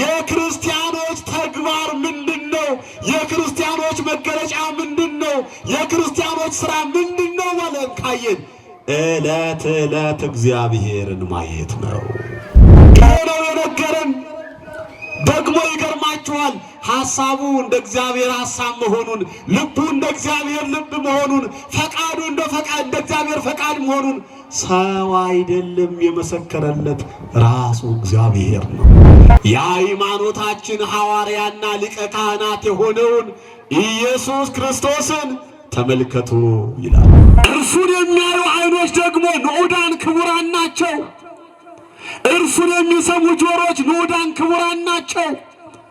የክርስቲያኖች ተግባር ምንድን ነው? የክርስቲያኖች መገለጫ ምንድን ነው? የክርስቲያኖች ስራ ምንድን ነው? ማለት ካየን ዕለት ዕለት እግዚአብሔርን ማየት ነው። ይሄ የነገረን ደግሞ ሐሳቡ እንደ እግዚአብሔር ሐሳብ መሆኑን፣ ልቡ እንደ እግዚአብሔር ልብ መሆኑን፣ ፈቃዱ እንደ ፈቃድ እንደ እግዚአብሔር ፈቃድ መሆኑን ሰው አይደለም የመሰከረለት ራሱ እግዚአብሔር ነው። የሃይማኖታችን ሐዋርያና ሊቀ ካህናት የሆነውን ኢየሱስ ክርስቶስን ተመልከቱ ይላል። እርሱን የሚያዩ አይኖች ደግሞ ንዑዳን ክቡራን ናቸው። እርሱን የሚሰሙ ጆሮች ንዑዳን ክቡራን ናቸው።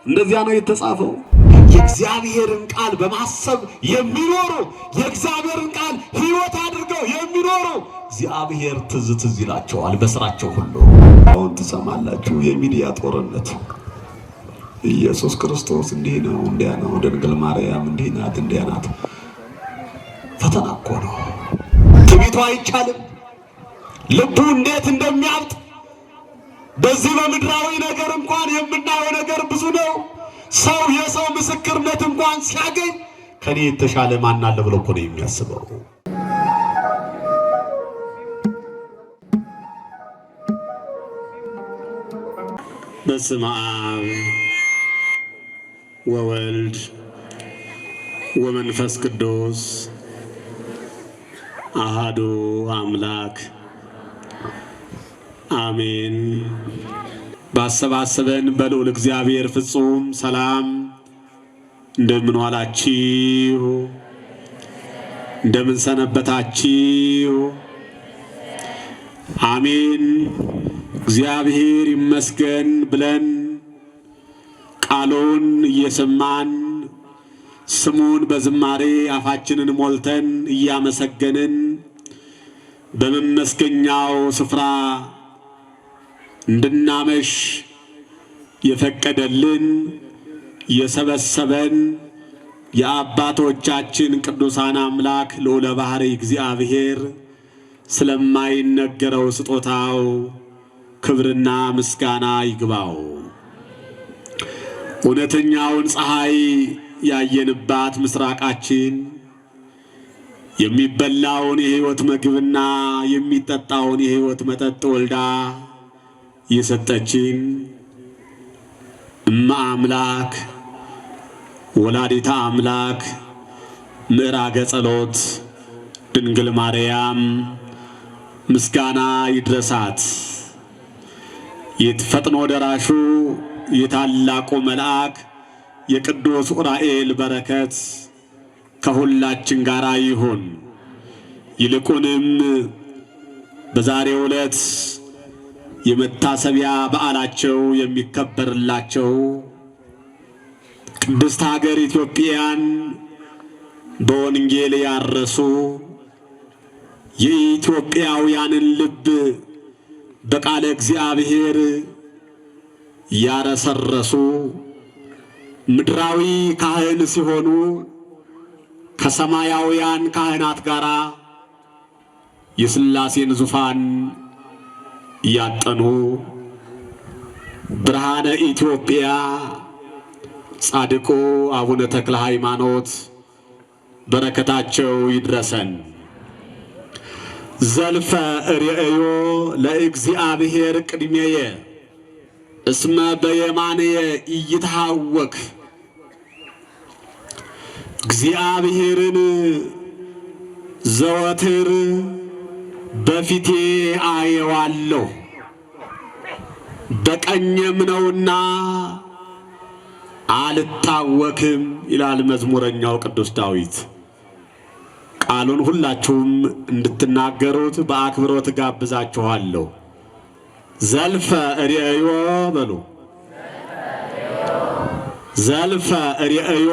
እንደዚያ ነው የተጻፈው። የእግዚአብሔርን ቃል በማሰብ የሚኖሩ የእግዚአብሔርን ቃል ሕይወት አድርገው የሚኖሩ እግዚአብሔር ትዝ ትዝ ይላቸዋል በስራቸው ሁሉ። አሁን ትሰማላችሁ የሚዲያ ጦርነት ኢየሱስ ክርስቶስ እንዲህ ነው እንዲያ ነው፣ ድንግል ማርያም እንዲህ ናት እንዲያ ናት። ፈተና እኮ ነው። ትቢቱ አይቻልም ልቡ እንዴት እንደሚያብጥ በዚህ በምድራዊ ነገር እንኳን የምናየው ነገር ብዙ ነው። ሰው የሰው ምስክርነት እንኳን ሲያገኝ ከኔ የተሻለ ማን አለ ብሎ እኮ ነው የሚያስበው። በስመ አብ ወወልድ ወመንፈስ ቅዱስ አሃዱ አምላክ አሜን። ባሰባሰበን በልዑል እግዚአብሔር ፍጹም ሰላም እንደምን ዋላችሁ? እንደምን ሰነበታችሁ? አሜን። እግዚአብሔር ይመስገን ብለን ቃሉን እየሰማን ስሙን በዝማሬ አፋችንን ሞልተን እያመሰገንን በመመስገኛው ስፍራ እንድናመሽ የፈቀደልን የሰበሰበን የአባቶቻችን ቅዱሳን አምላክ ልዑለ ባሕርይ እግዚአብሔር ስለማይነገረው ስጦታው ክብርና ምስጋና ይግባው። እውነተኛውን ፀሐይ ያየንባት ምስራቃችን የሚበላውን የሕይወት ምግብና የሚጠጣውን የሕይወት መጠጥ ወልዳ የሰጠችን እማ አምላክ ወላዲታ አምላክ ምዕራገ ጸሎት ድንግል ማርያም ምስጋና ይድረሳት። የፈጥኖ ደራሹ የታላቁ መልአክ የቅዱስ ዑራኤል በረከት ከሁላችን ጋር ይሁን። ይልቁንም በዛሬው ዕለት የመታሰቢያ በዓላቸው የሚከበርላቸው ቅድስት ሀገር ኢትዮጵያን በወንጌል ያረሱ የኢትዮጵያውያንን ልብ በቃለ እግዚአብሔር ያረሰረሱ ምድራዊ ካህን ሲሆኑ ከሰማያውያን ካህናት ጋር የሥላሴን ዙፋን ያጠኑ ብርሃነ ኢትዮጵያ ጻድቁ አቡነ ተክለ ሃይማኖት በረከታቸው ይድረሰን። ዘልፈ ርእዮ ለእግዚአብሔር ቅድሜየ እስመ በየማንየ እይትሃወክ እግዚአብሔርን ዘወትር በፊቴ አየዋለሁ በቀኝም ነውና አልታወክም ይላል መዝሙረኛው ቅዱስ ዳዊት። ቃሉን ሁላችሁም እንድትናገሩት በአክብሮት ጋብዛችኋለሁ። ዘልፈ ርእዮ በሉ ዘልፈ ርእዮ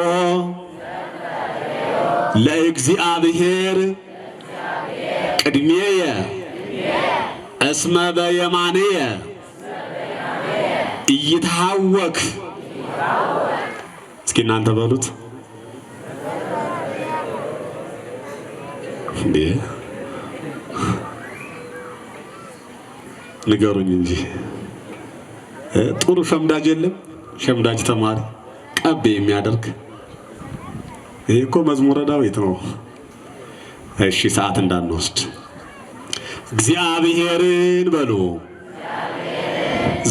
ለእግዚአብሔር ቅድሜየ እስመ በየማንየ እይትሃወክ እስኪ እናንተ በሉት ንገሩኝ እንጂ ጥሩ ሸምዳጅ የለም? ሸምዳጅ ተማሪ ቀቤ የሚያደርግ ይህ እኮ መዝሙረ ዳዊት ነው። እሺ፣ ሰዓት እንዳንወስድ እግዚአብሔርን በሉ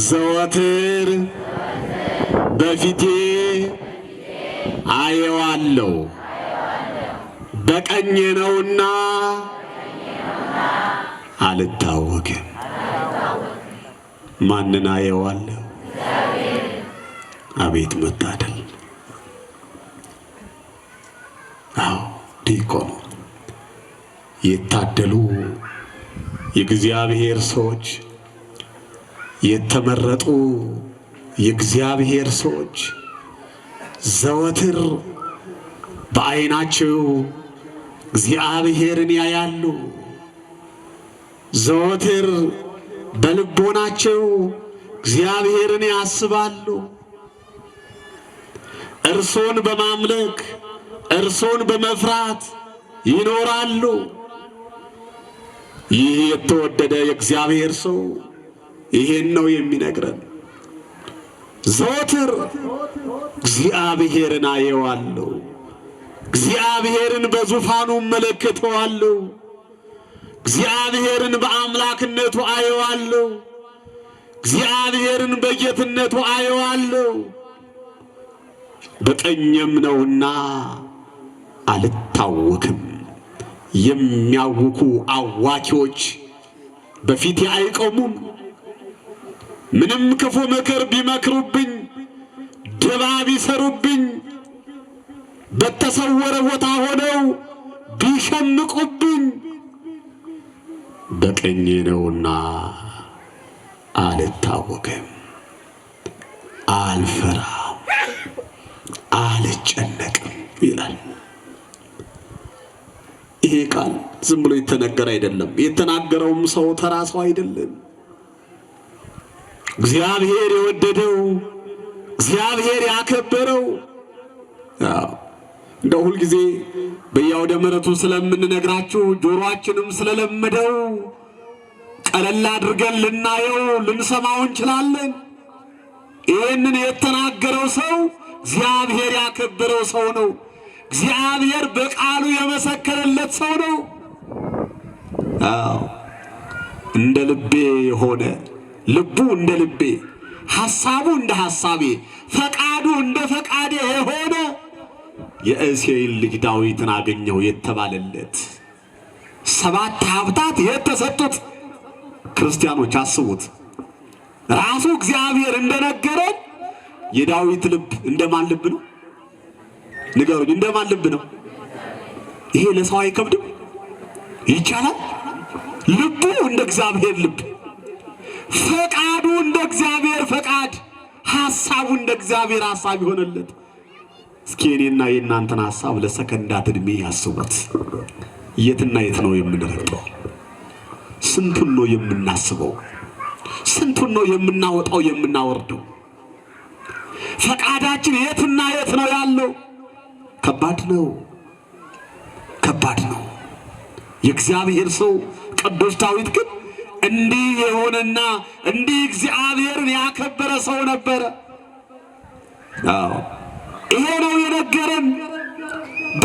ዘወትር በፊቴ አየዋለው በቀኝ ነውና አልታወክም። ማንን አየዋለሁ? አቤት መታደል! አዎ ነው። የታደሉ የእግዚአብሔር ሰዎች የተመረጡ የእግዚአብሔር ሰዎች ዘወትር በዓይናቸው እግዚአብሔርን ያያሉ። ዘወትር በልቦናቸው እግዚአብሔርን ያስባሉ። እርሶን በማምለክ እርሶን በመፍራት ይኖራሉ። ይህ የተወደደ የእግዚአብሔር ሰው ይሄን ነው የሚነግረን። ዘወትር እግዚአብሔርን አየዋለሁ፣ እግዚአብሔርን በዙፋኑ እመለከተዋለሁ፣ እግዚአብሔርን በአምላክነቱ አየዋለሁ፣ እግዚአብሔርን በጌትነቱ አየዋለሁ። በቀኝም ነውና አልታወክም የሚያውኩ አዋኪዎች በፊቴ አይቆሙም። ምንም ክፉ ምክር ቢመክሩብኝ፣ ድባ ቢሰሩብኝ፣ በተሰወረ ቦታ ሆነው ቢሸምቁብኝ በቀኜ ነውና አልታወቅም አልፈራም፣ አልጨነቅም ይላል። ይሄ ቃል ዝም ብሎ የተነገረ አይደለም። የተናገረውም ሰው ተራ ሰው አይደለም። እግዚአብሔር የወደደው እግዚአብሔር ያከበረው እንደ ሁልጊዜ በየአውደ ምሕረቱ ስለምንነግራችሁ ጆሮአችንም ስለለመደው ቀለል አድርገን ልናየው ልንሰማው እንችላለን። ይህንን የተናገረው ሰው እግዚአብሔር ያከበረው ሰው ነው። እግዚአብሔር በቃሉ የመሰከረለት ሰው ነው። አዎ እንደ ልቤ ሆነ፣ ልቡ እንደ ልቤ፣ ሐሳቡ እንደ ሐሳቤ፣ ፈቃዱ እንደ ፈቃዴ የሆነ የእሴይን ልጅ ዳዊትን አገኘው የተባለለት ሰባት ሀብታት የተሰጡት ክርስቲያኖች አስቡት። ራሱ እግዚአብሔር እንደነገረን የዳዊት ልብ እንደማን ልብ ነው? ንገሩኝ። እንደማን ልብ ነው ይሄ? ለሰው አይከብድም? ይቻላል። ልቡ እንደ እግዚአብሔር ልብ፣ ፈቃዱ እንደ እግዚአብሔር ፈቃድ፣ ሐሳቡ እንደ እግዚአብሔር ሐሳብ ይሆነለት። እስኪ እኔና የእናንተን ሐሳብ ለሰከንዳት እድሜ ያስቡት። የትና የት ነው የምንረግጠው? ስንቱን ነው የምናስበው? ስንቱን ነው የምናወጣው የምናወርደው? ፈቃዳችን የትና የት ነው ያለው? ከባድ ነው፣ ከባድ ነው። የእግዚአብሔር ሰው ቅዱስ ዳዊት ግን እንዲህ የሆነና እንዲህ እግዚአብሔርን ያከበረ ሰው ነበረ። ይሄ ነው የነገረን።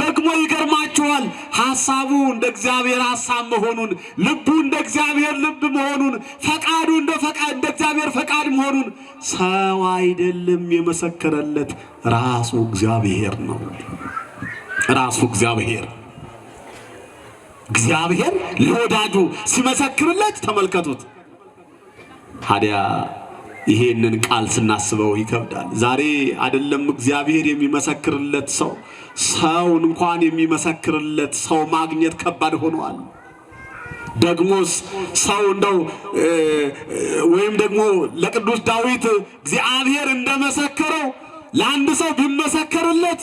ደግሞ ይገርማችኋል ሐሳቡ እንደ እግዚአብሔር ሐሳብ መሆኑን፣ ልቡ እንደ እግዚአብሔር ልብ መሆኑን፣ ፈቃዱ እንደ ፈቃድ እንደ እግዚአብሔር ፈቃድ መሆኑን ሰው አይደለም የመሰከረለት ራሱ እግዚአብሔር ነው። ራሱ እግዚአብሔር እግዚአብሔር ለወዳጁ ሲመሰክርለት ተመልከቱት ታዲያ ይሄንን ቃል ስናስበው ይከብዳል። ዛሬ አይደለም እግዚአብሔር የሚመሰክርለት ሰው ሰውን እንኳን የሚመሰክርለት ሰው ማግኘት ከባድ ሆኗል። ደግሞስ ሰው እንደው ወይም ደግሞ ለቅዱስ ዳዊት እግዚአብሔር እንደመሰከረው ለአንድ ሰው ቢመሰከርለት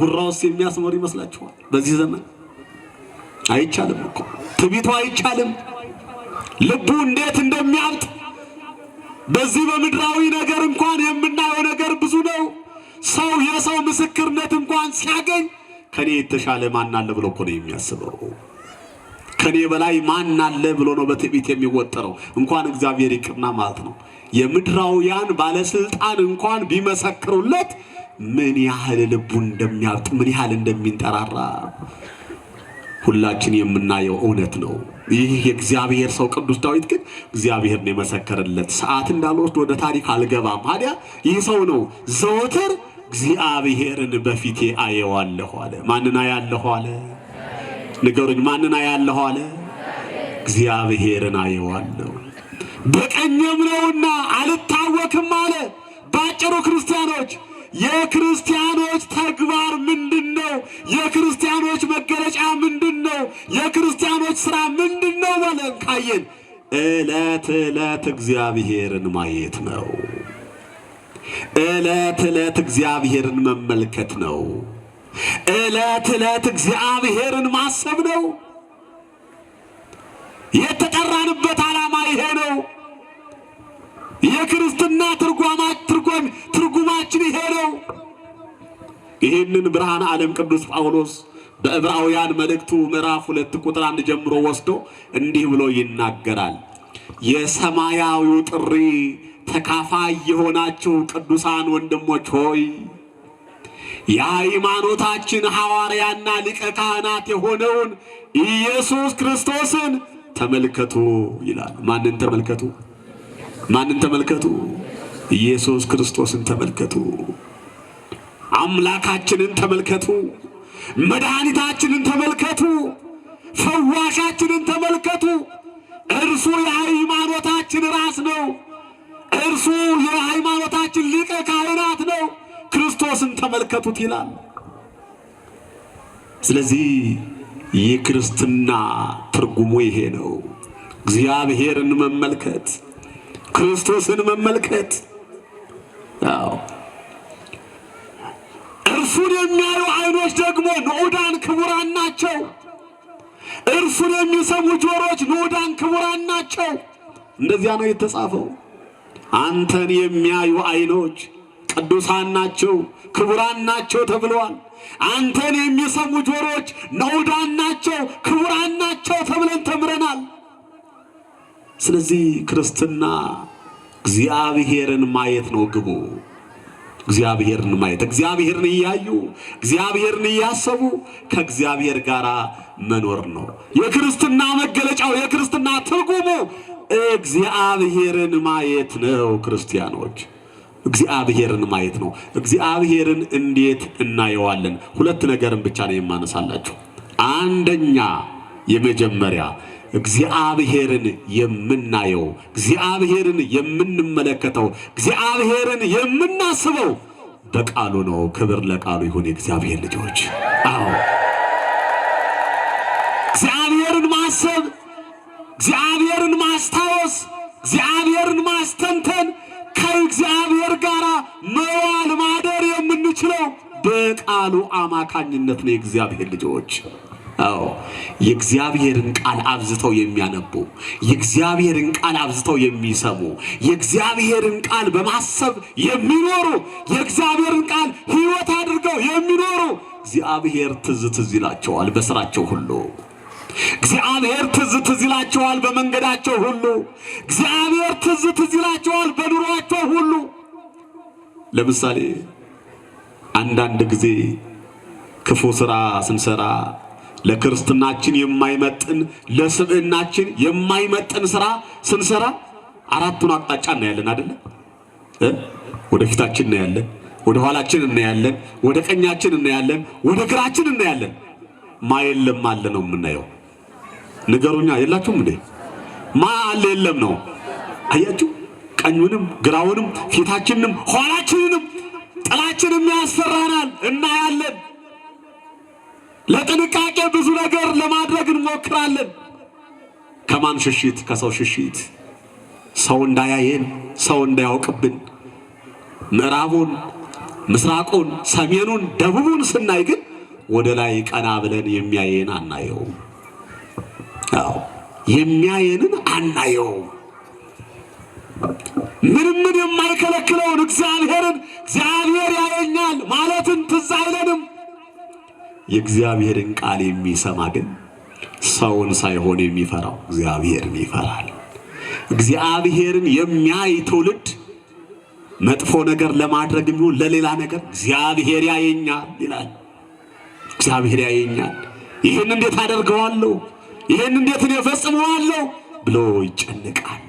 ጉራውስ የሚያስመር ይመስላችኋል? በዚህ ዘመን አይቻልም እኮ ትቢቱ አይቻልም። ልቡ እንዴት እንደሚያብጥ በዚህ በምድራዊ ነገር እንኳን የምናየው ነገር ብዙ ነው። ሰው የሰው ምስክርነት እንኳን ሲያገኝ ከኔ የተሻለ ማን አለ ብሎ እኮ ነው የሚያስበው። ከኔ በላይ ማን አለ ብሎ ነው በትዕቢት የሚወጠረው። እንኳን እግዚአብሔር ይቅርና ማለት ነው የምድራውያን ባለስልጣን እንኳን ቢመሰክሩለት ምን ያህል ልቡ እንደሚያብጥ ምን ያህል እንደሚንጠራራ ሁላችን የምናየው እውነት ነው። ይህ የእግዚአብሔር ሰው ቅዱስ ዳዊት ግን እግዚአብሔር ነው የመሰከረለት። ሰዓት እንዳልወስድ ወደ ታሪክ አልገባም። ታዲያ ይህ ሰው ነው ዘወትር እግዚአብሔርን በፊቴ አየዋለሁ አለ። ማንን አያለሁ አለ? ንገሩኝ፣ ማንን አያለሁ አለ? እግዚአብሔርን አየዋለሁ። በቀኝም ነውና አልታወክም አለ። በአጭሩ ክርስቲያኖች የክርስቲያኖች ተግባር ምንድን ነው? የክርስቲያኖች መገለጫ ምንድን ነው? የክርስቲያኖች ስራ ምንድን ነው? በለን ካየን እለት እለት እግዚአብሔርን ማየት ነው። እለት እለት እግዚአብሔርን መመልከት ነው። እለት እለት እግዚአብሔርን ማሰብ ነው። የተጠራንበት ዓላማ ይሄ ነው። የክርስትና ትርጉማችን ይሄ ነው። ይህንን ብርሃን ዓለም ቅዱስ ጳውሎስ በዕብራውያን መልእክቱ ምዕራፍ ሁለት ቁጥር አንድ ጀምሮ ወስዶ እንዲህ ብሎ ይናገራል። የሰማያዊው ጥሪ ተካፋይ የሆናችሁ ቅዱሳን ወንድሞች ሆይ የሃይማኖታችን ሐዋርያና ሊቀ ካህናት የሆነውን ኢየሱስ ክርስቶስን ተመልከቱ ይላል። ማንን ተመልከቱ? ማንን ተመልከቱ? ኢየሱስ ክርስቶስን ተመልከቱ። አምላካችንን ተመልከቱ። መድኃኒታችንን ተመልከቱ። ፈዋሻችንን ተመልከቱ። እርሱ የሃይማኖታችን ራስ ነው። እርሱ የሃይማኖታችን ሊቀ ካህናት ነው። ክርስቶስን ተመልከቱት ይላል። ስለዚህ የክርስትና ትርጉሙ ይሄ ነው። እግዚአብሔርን መመልከት ክርስቶስን መመልከት አዎ እርሱን የሚያዩ አይኖች ደግሞ ንዑዳን ክቡራን ናቸው። እርሱን የሚሰሙ ጆሮች ንዑዳን ክቡራን ናቸው። እንደዚያ ነው የተጻፈው። አንተን የሚያዩ አይኖች ቅዱሳን ናቸው፣ ክቡራን ናቸው ተብለዋል። አንተን የሚሰሙ ጆሮች ንዑዳን ናቸው፣ ክቡራን ናቸው ተብለን ተምረናል። ስለዚህ ክርስትና እግዚአብሔርን ማየት ነው ግቡ። እግዚአብሔርን ማየት እግዚአብሔርን እያዩ እግዚአብሔርን እያሰቡ ከእግዚአብሔር ጋር መኖር ነው የክርስትና መገለጫው፣ የክርስትና ትርጉሙ እግዚአብሔርን ማየት ነው። ክርስቲያኖች እግዚአብሔርን ማየት ነው። እግዚአብሔርን እንዴት እናየዋለን? ሁለት ነገርን ብቻ ነው የማነሳላችሁ። አንደኛ የመጀመሪያ እግዚአብሔርን የምናየው፣ እግዚአብሔርን የምንመለከተው፣ እግዚአብሔርን የምናስበው በቃሉ ነው። ክብር ለቃሉ ይሁን። የእግዚአብሔር ልጆች አዎ፣ እግዚአብሔርን ማሰብ፣ እግዚአብሔርን ማስታወስ፣ እግዚአብሔርን ማስተንተን፣ ከእግዚአብሔር ጋር መዋል ማደር የምንችለው በቃሉ አማካኝነት ነው። የእግዚአብሔር ልጆች አዎ የእግዚአብሔርን ቃል አብዝተው የሚያነቡ የእግዚአብሔርን ቃል አብዝተው የሚሰሙ የእግዚአብሔርን ቃል በማሰብ የሚኖሩ የእግዚአብሔርን ቃል ሕይወት አድርገው የሚኖሩ እግዚአብሔር ትዝ ትዝ ይላቸዋል በስራቸው ሁሉ። እግዚአብሔር ትዝ ትዝ ይላቸዋል በመንገዳቸው ሁሉ። እግዚአብሔር ትዝ ትዝ ይላቸዋል በኑሯቸው ሁሉ። ለምሳሌ አንዳንድ ጊዜ ክፉ ስራ ስንሰራ ለክርስትናችን የማይመጥን ለስብዕናችን የማይመጥን ስራ ስንሰራ አራቱን አቅጣጫ እናያለን አይደለ? ወደፊታችን እናያለን፣ ወደ ኋላችን እናያለን፣ ወደ ቀኛችን እናያለን፣ ወደ ግራችን እናያለን። ማየለም አለ ነው የምናየው። ንገሩኛ የላችሁም እንዴ? ማ አለ የለም ነው አያችሁ? ቀኙንም ግራውንም ፊታችንንም ኋላችንንም ጥላችንም ያስፈራናል፣ እናያለን። ለጥንቃቄ ብዙ ነገር ለማድረግ እንሞክራለን። ከማን ሽሽት? ከሰው ሽሽት። ሰው እንዳያየን፣ ሰው እንዳያውቅብን ምዕራቡን፣ ምስራቁን፣ ሰሜኑን፣ ደቡቡን ስናይ ግን ወደ ላይ ቀና ብለን የሚያየን አናየው። አዎ የሚያየንን አናየው። ምንም ምን የማይከለክለውን እግዚአብሔርን እግዚአብሔር ያየኛል ማለትን ትዝ አይለንም። የእግዚአብሔርን ቃል የሚሰማ ግን ሰውን ሳይሆን የሚፈራው እግዚአብሔርን ይፈራል። እግዚአብሔርን የሚያይ ትውልድ መጥፎ ነገር ለማድረግ የሚሆን ለሌላ ነገር እግዚአብሔር ያየኛል ይላል። እግዚአብሔር ያየኛል፣ ይህን እንዴት አደርገዋለሁ፣ ይህን እንዴት እኔ ፈጽመዋለሁ ብሎ ይጨንቃል።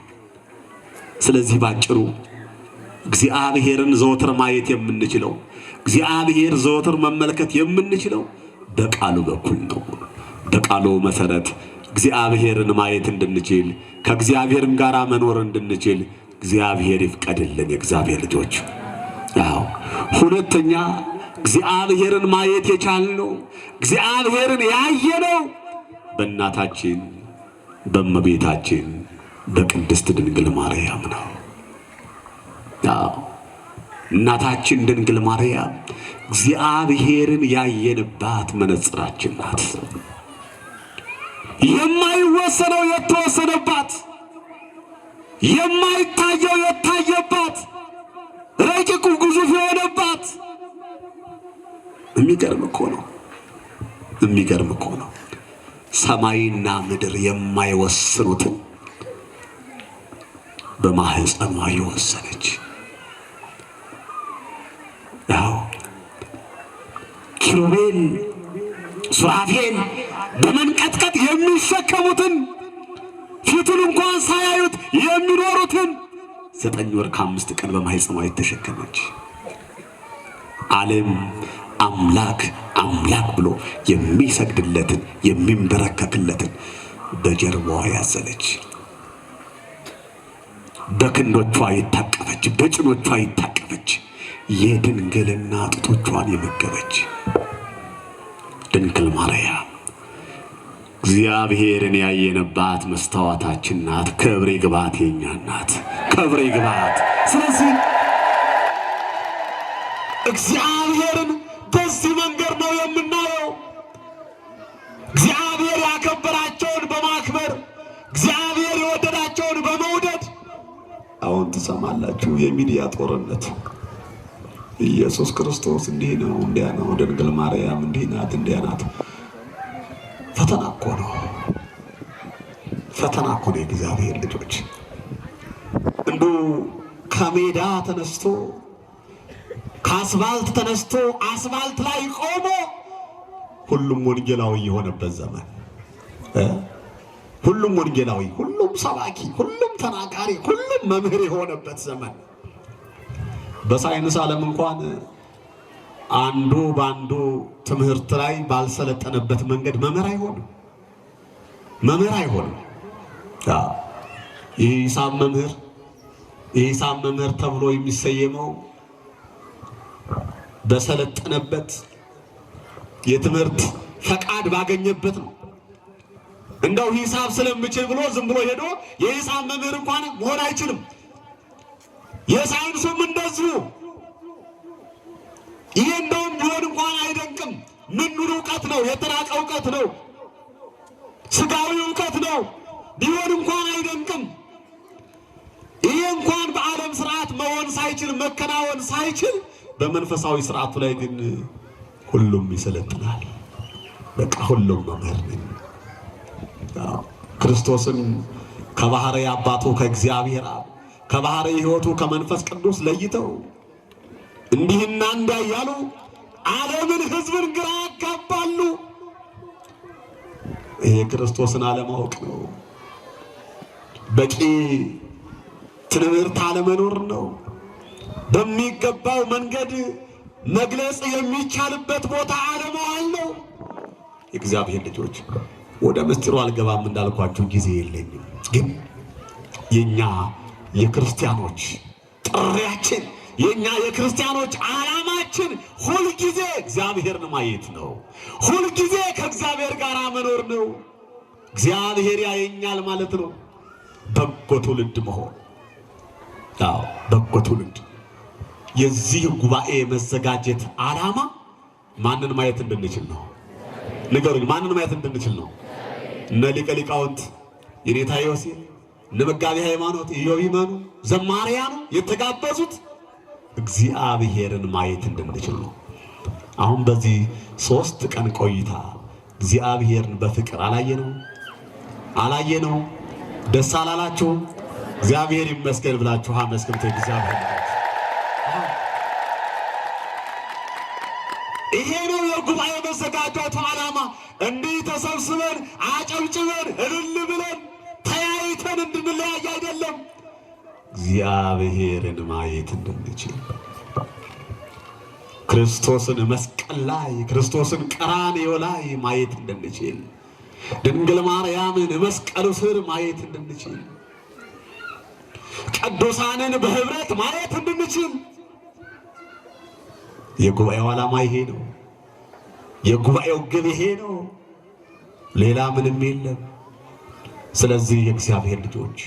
ስለዚህ ባጭሩ እግዚአብሔርን ዘወትር ማየት የምንችለው እግዚአብሔር ዘወትር መመልከት የምንችለው በቃሉ በኩል ነው። በቃሉ መሰረት እግዚአብሔርን ማየት እንድንችል ከእግዚአብሔርም ጋር መኖር እንድንችል እግዚአብሔር ይፍቀድልን። የእግዚአብሔር ልጆች አዎ፣ ሁለተኛ እግዚአብሔርን ማየት የቻልነው እግዚአብሔርን ያየነው በእናታችን በእመቤታችን በቅድስት ድንግል ማርያም ነው። እናታችን ድንግል ማርያም እግዚአብሔርን ያየንባት መነጽራችን ናት። የማይወሰነው የተወሰነባት፣ የማይታየው የታየባት፣ ረቂቁ ግዙፍ የሆነባት። የሚገርም እኮ ነው። የሚገርም እኮ ነው። ሰማይና ምድር የማይወስኑትን በማህፀኗ የወሰነች ኪሩቤል ሱራፌል በመንቀጥቀጥ የሚሸከሙትን ፊቱን እንኳን ሳያዩት የሚኖሩትን ዘጠኝ ወር ከአምስት ቀን በማህፀኗ የተሸከመች ዓለም አምላክ አምላክ ብሎ የሚሰግድለትን የሚንበረከክለትን በጀርባዋ ያዘለች፣ በክንዶቿ የታቀፈች፣ በጭኖቿ የታቀፈች የድንግልና ጡቶቿን የመገበች ድንግል ማርያም እግዚአብሔርን ያየነባት መስታወታችን ናት። ክብሬ ግባት የኛ ናት። ክብሬ ግባት። ስለዚህ እግዚአብሔርን በዚህ መንገድ ነው የምናየው። እግዚአብሔር ያከበራቸውን በማክበር እግዚአብሔር የወደዳቸውን በመውደድ አሁን ትሰማላችሁ የሚዲያ ጦርነት ኢየሱስ ክርስቶስ እንዲህ ነው፣ እንዲያ ነው፣ ድንግል ማርያም እንዲህ ናት፣ እንዲያ ናት። ፈተና እኮ ነው፣ ፈተና እኮ ነው። የእግዚአብሔር ልጆች እንዱ ከሜዳ ተነስቶ ከአስፋልት ተነስቶ አስፋልት ላይ ቆሞ ሁሉም ወንጌላዊ የሆነበት ዘመን ሁሉም ወንጌላዊ፣ ሁሉም ሰባኪ፣ ሁሉም ተናጋሪ፣ ሁሉም መምህር የሆነበት ዘመን በሳይንስ ዓለም እንኳን አንዱ በአንዱ ትምህርት ላይ ባልሰለጠነበት መንገድ መምህር አይሆንም፣ መምህር አይሆንም። የሂሳብ መምህር የሂሳብ መምህር ተብሎ የሚሰየመው በሰለጠነበት የትምህርት ፈቃድ ባገኘበት ነው። እንደው ሂሳብ ስለምችል ብሎ ዝም ብሎ ሄዶ የሂሳብ መምህር እንኳን መሆን አይችልም። የሳይንሱም እንደዚሁ ይህ እንደውም ቢሆን እንኳን አይደንቅም። ምኑን እውቀት ነው? የተራቀ እውቀት ነው፣ ስጋዊ እውቀት ነው። ቢሆን እንኳን አይደንቅም። ይህ እንኳን በዓለም ስርዓት መሆን ሳይችል መከናወን ሳይችል በመንፈሳዊ ስርዓቱ ላይ ግን ሁሉም ይሰለጥናል። በቃ ሁሉም መምህር ነኝ። ክርስቶስን ከባህርይ አባቱ ከእግዚአብሔር አብ ከባህረ ሕይወቱ ከመንፈስ ቅዱስ ለይተው እንዲህና እንዲያ እያሉ ዓለምን ሕዝብን ግራ ያጋባሉ። ይሄ ክርስቶስን አለማወቅ ነው። በቂ ትምህርት አለመኖር ነው። በሚገባው መንገድ መግለጽ የሚቻልበት ቦታ አለመዋል ነው። የእግዚአብሔር ልጆች ወደ ምስጢሩ አልገባም እንዳልኳችሁ ጊዜ የለኝም፣ ግን የእኛ የክርስቲያኖች ጥሪያችን የእኛ የክርስቲያኖች ዓላማችን ሁልጊዜ እግዚአብሔርን ማየት ነው። ሁልጊዜ ከእግዚአብሔር ጋር መኖር ነው። እግዚአብሔር ያየኛል ማለት ነው። በጎ ትውልድ መሆን በጎ ትውልድ። የዚህ ጉባኤ መዘጋጀት ዓላማ ማንን ማየት እንድንችል ነው። ንገሩኝ፣ ማንን ማየት እንድንችል ነው? እነ ሊቀ ሊቃውንት የኔታ ዮሴፍ ለመጋቢ ሃይማኖት ኢዮብ ይመኑ ዘማሪያኑ የተጋበዙት እግዚአብሔርን ማየት እንድንችል ነው። አሁን በዚህ ሶስት ቀን ቆይታ እግዚአብሔርን በፍቅር አላየነው አላየነው። ደስ አላላችሁ? እግዚአብሔር ይመስገን ብላችሁ አመስግኑት። እግዚአብሔር ይሄ ነው የጉባኤ መዘጋጀቱ ዓላማ። እንዲህ ተሰብስበን አጨብጭበን እልል ብለን ብቻን እንድንለያይ አይደለም፣ እግዚአብሔርን ማየት እንድንችል ክርስቶስን መስቀል ላይ ክርስቶስን ቀራንዮ ላይ ማየት እንድንችል ድንግል ማርያምን መስቀሉ ስር ማየት እንድንችል ቅዱሳንን በህብረት ማየት እንድንችል የጉባኤው ዓላማ ይሄ ነው። የጉባኤው ግብ ይሄ ነው። ሌላ ምንም የለም። ስለዚህ የእግዚአብሔር ልጆች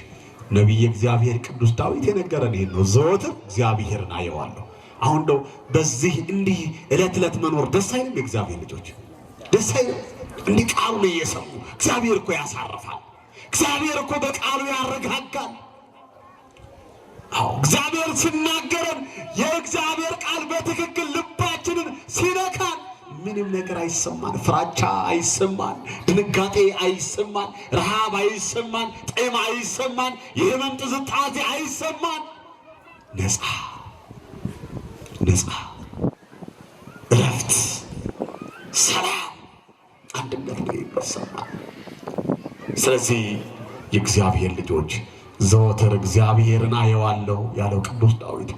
ነቢይ እግዚአብሔር ቅዱስ ዳዊት የነገረን ይህን ነው፣ ዘወትር እግዚአብሔርን አየዋለሁ። አሁን ደው በዚህ እንዲህ ዕለት ዕለት መኖር ደስ አይልም? የእግዚአብሔር ልጆች ደስ አይልም? እንዲህ ቃሉን እየሰሙ እግዚአብሔር እኮ ያሳርፋል። እግዚአብሔር እኮ በቃሉ ያረጋጋል። አዎ እግዚአብሔር ሲናገረን የእግዚአብሔር ቃል በትክክል ልባችንን ሲነካል ምንም ነገር አይሰማን፣ ፍራቻ አይሰማን፣ ድንጋጤ አይሰማን፣ ረሃብ አይሰማን፣ ጤማ አይሰማን፣ የህመም ጥዝጣዜ አይሰማን። ነጻ ነጻ እረፍት፣ ሰላም፣ አንድነት ነው የሚሰማ። ስለዚህ የእግዚአብሔር ልጆች ዘወትር እግዚአብሔርን አየዋለሁ ያለው ቅዱስ ዳዊት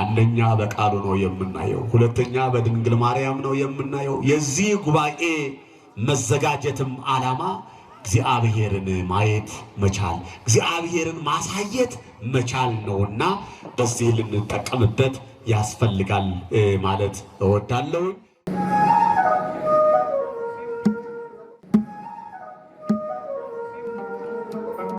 አንደኛ በቃሉ ነው የምናየው፣ ሁለተኛ በድንግል ማርያም ነው የምናየው። የዚህ ጉባኤ መዘጋጀትም ዓላማ እግዚአብሔርን ማየት መቻል፣ እግዚአብሔርን ማሳየት መቻል ነውና በዚህ ልንጠቀምበት ያስፈልጋል ማለት እወዳለሁ።